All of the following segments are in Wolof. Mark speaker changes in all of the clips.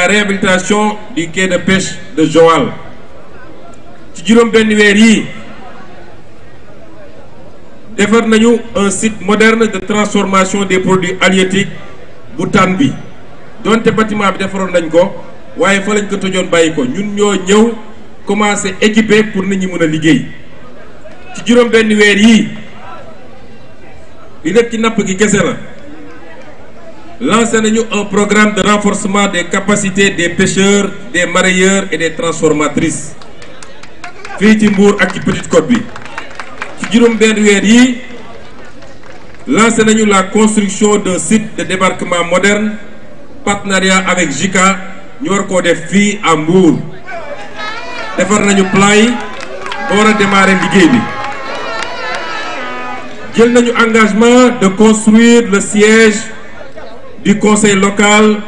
Speaker 1: la réhabilitation du de pêche de Joal ci juróom benn weer yii defar nañu un site moderne de transformation des produits halieutiques bu tànn bi donte bâtiment bi defaroon nañ ko waaye fa lañ ko tojoon bàyyi ko ñun ñoo ñëw commencé équiper pour nit ñi mën a liggéey ci juróom benn weer yii li nag ci napp gi kese la lancé nañu un programme de renforcement des capacités des pêcheurs des mareyeurs et des transformatrices fii ci Mbour ak ci Petite Côte bi ci juróom benn weer yi lancé nañu la construction d'un site de débarquement moderne partenariat avec JICA ñu war koo def fii à Mbour defar nañu plan yi ba war a démarrer liggéey bi jël nañu engagement de construire le siège du conseil locale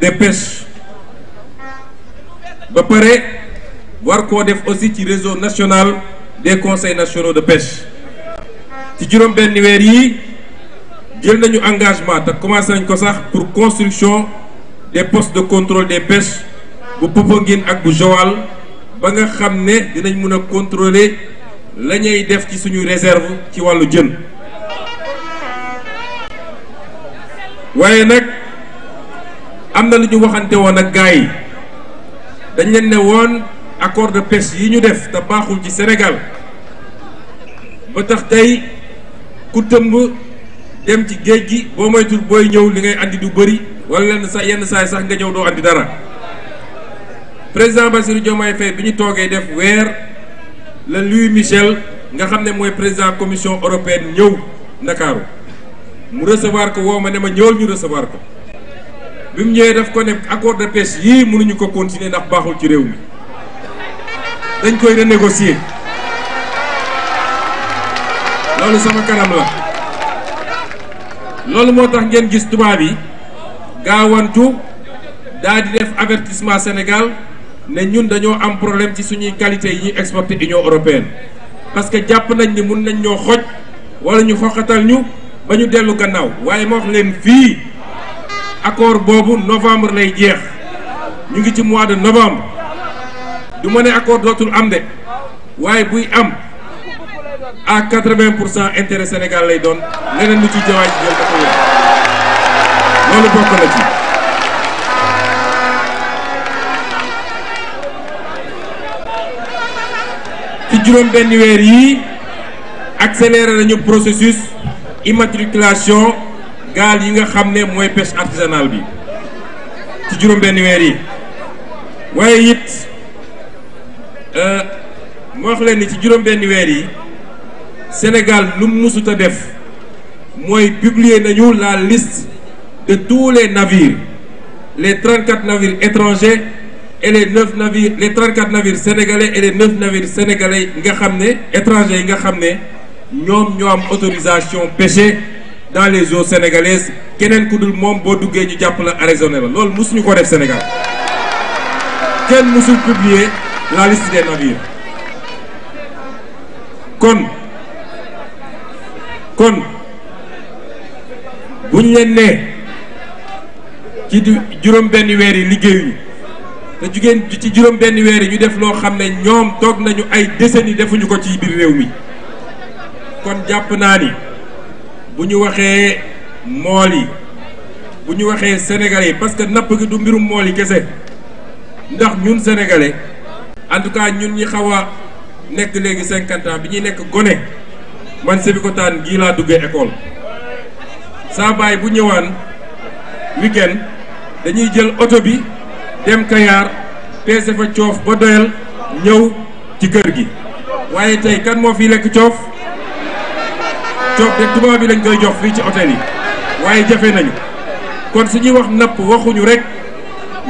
Speaker 1: des peche ba pare war koo def aussi ci réseau nationale des conseils nationaux de pêche ci juróom benn weer yi jël nañu engagement te commencé nañ ko sax pour construction des postes de contrôle des pêches bu Popenguine ak bu Joal ba nga xam ne dinañ mën a contrôler la ñuy def ci suñuy réserve ci wàllu jën waaye nag am na lu ñu waxante woon ak gars yi dañ leen ne woon accord de pêche yi ñu def te baaxul ci senegal ba tax tey ku tëmb dem ci géej gi boo moytul booy ñëw li ngay andi du bëri wala lenn sa yenn saay sax nga ñëw doo andi dara président Bassirou Diomaye Faye bi ñu toogee def weer la Louis Michel nga xam ne mooy président commission européenne ñëw Ndakaaru mu recevoir ko woo ma ne ma ñëwal ñu recevoir ko bi mu ñëwee daf ko ne accord de pêche yii mënuñu ko continuer ndax baaxul ci réew mi dañ koy renégocier loolu sama kanam la loolu moo tax ngeen gis tubaab yi gaawantu daal di def avertissement Sénégal ne ñun dañoo am problème ci suñuy qualité yi ñuy exporté Union européenne parce que jàpp nañ ni mun nañ ñoo xoj wala ñu xoxatal ñu. ba ñu dellu gannaaw waaye ma wax leen fii accord boobu novembre lay jeex ñu ngi ci mois de novembre du ma ne accord dootul am de waaye buy am à quatre-vingt pour cent intére Sénégal lay doon leneen lu ci jawaay ci jël dafa wér loolu bokk na ci ci juróom benn weer yii accéléré nañu processus immatriculation gaal yi nga xam ne mooy pêche artisanale bi ci juróom-benn weer yi waaye it euh, moo wax leen ci juróom-benn weer yi Sénégal lu mu mësut def mooy publier nañu la liste de tous les navires les 34 navires étrangers et les 9 navires les 34 navires sénégalais et les 9 navires sénégalais nga xam ne étrangers yi nga xam ne. ñoom ñoo am autorisation pêcher dans les eaux sénégalaises keneen ku dul moom boo duggee ñu jàpp la arraisonné la loolu mosuñu ko def Sénégal kenn mosul publier la liste des navires kon kon buñ leen nee ci juróom benn weer yi liggéeyuñu te jugéen ci juróom benn weer yi ñu def loo xam ne ñoom toog nañu ay décennies defuñu ko ci biir réew mi kon jàpp naa ni bu ñu waxee mool yi bu ñu waxee sénégalais yi parce que napp gi du mbirum mool yi kese ndax ñun sénégalais en tout cas ñun ñi xaw a nekk léegi cinquante bi ñuy nekk gone man Sébikotane gii laa duggee école saa baay bu ñëwaan week dañuy jël oto bi dem Kayar peese fa coof ba doyal ñëw ci kër gi waaye tey kan moo fi lekk coof jox te tubaab yi lañ koy jox fii ci hôtel yi waaye jafe nañu kon su ñuy wax napp waxuñu rek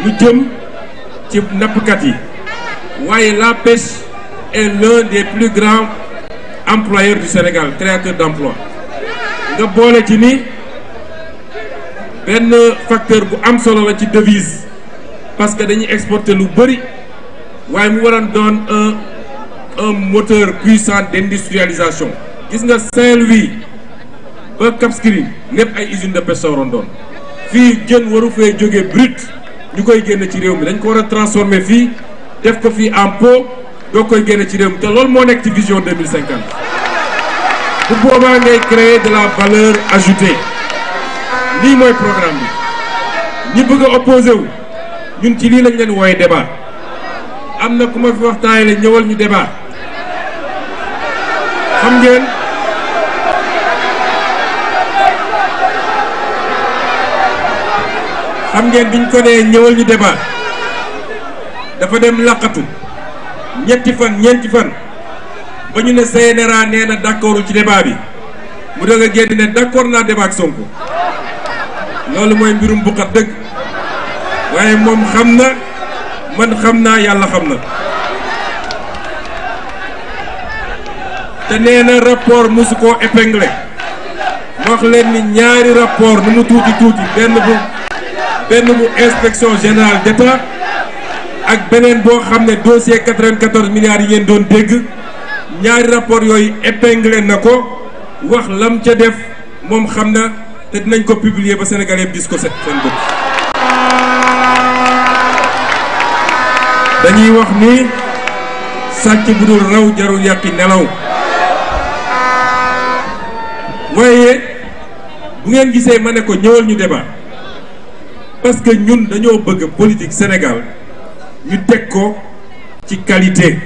Speaker 1: lu jëm ci nappkat yi waaye la pêche est l'un des plus grands employeurs du Sénégal créateur d'emploi nga boole ci ni benn facteur bu am solo la ci devise parce que dañuy exporter lu bëri waaye mu waroon doon un un moteur puissant d'industrialisation gis nga Saint-Louis ba Cap Skirring lépp ay usine de pêche doon fii jën waru fee jóge brut ñu koy génn ci réew mi dañ ko war a transformer fii def ko fii en pot doo koy génn ci réew mi te loolu moo nekk ci vision 2050 bu boobaa ngay créer de la valeur ajoutée lii mooy programme bi ñi bëgg a wu ñun ci lii lañ leen wooye débat am na ku ma fi waxtaanee ñëwal ñu débat xam ngeen xam ngeen biñ ko nee ñëwal ñu débat dafa dem làqatu ñetti fan ñeenti fan ba ñu ne CNRA nee na d'accordu ci débat bi mu doog a génn ne d'accord naa débat ak Sonko loolu mooy mbirum buqat dëgg waaye moom xam na man xam naa yàlla xam na te nee na rapport mosu koo épinglé wax leen ni ñaari rapport nu mu tuuti tuuti benn bu benn bu inspection générale d'État ak beneen boo xam ne dossier 94 yi ngeen doon dégg ñaari rapport yooyu épinglé na ko wax lam ca def moom xam na te dinañ ko publier ba Sénégalais bi gis ko seen bopp dañuy wax ni sàcc bu dul raw jarul yàqi nelaw waaye bu ngeen gisee ma ne ko ñëwal ñu débat parce que ñun dañoo bëgg politique Sénégal ñu teg ko ci qualité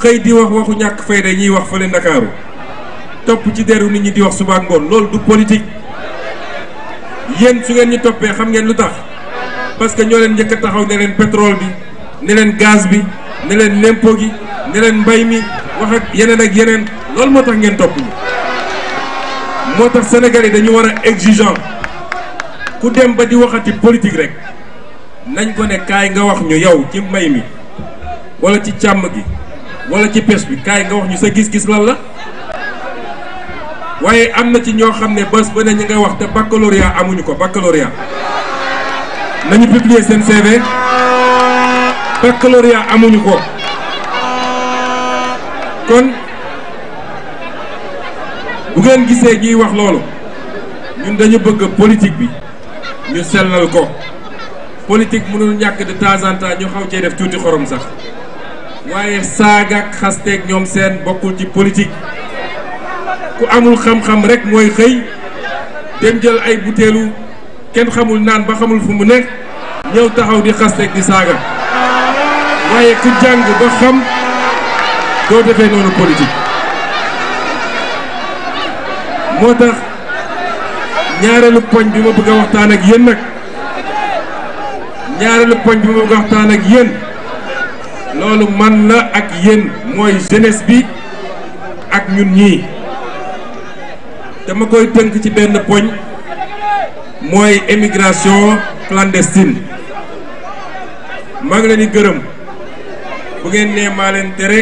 Speaker 1: xëy di wax waxu ñàkk fayda yiy wax fële Ndakaaru topp ci deru nit ñi di wax suba ngoon loolu du politique yéen su ngeen ñi toppee xam ngeen lu tax parce que ñoo leen njëkk taxaw ne leen pétrole bi ne leen gaz bi ne leen lempo gi ne leen mbay mi wax ak yeneen ak yeneen loolu moo tax ngeen topp moo tax Sénégal yi dañu war a exigeant ku dem ba di waxati politique rek nañ ko ne kaay nga wax ñu yow ci mbay mi wala ci càmm gi wala ci pes bi kaay nga wax ñu sa gis-gis lan la waaye am na ci ñoo xam ne bés ba ne ñu ngay wax te baccalauréat amuñu ko baccalauréat nañu publier seen CV baccalauréat amuñu ko kon bu ngeen gisee ñuy wax loolu ñun dañu bëgg politique bi ñu sellal ko politique mënul ñàkk de temps en temps ñu xaw cee def tuuti xorom sax waaye saaga ak xasteeg ñoom seen bokkul ci politique ku amul xam-xam rek mooy xëy dem jël ay butéelu kenn xamul naan ba xamul fu mu nekk ñëw taxaw di xasteeg di saaga waaye ku jàng ba xam doo defee noonu politique moo tax ñaareelu poñ bi ma bëgg a waxtaan ak yéen nag ñaareelu poñ bi ma bëgg a waxtaan ak yéen loolu man la ak yéen mooy jeunesse bi ak ñun ñii dama koy tënk ci benn poñ mooy émigration clandestine maa ngi leen gërëm bu ngeen nee tere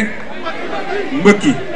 Speaker 1: mbëkki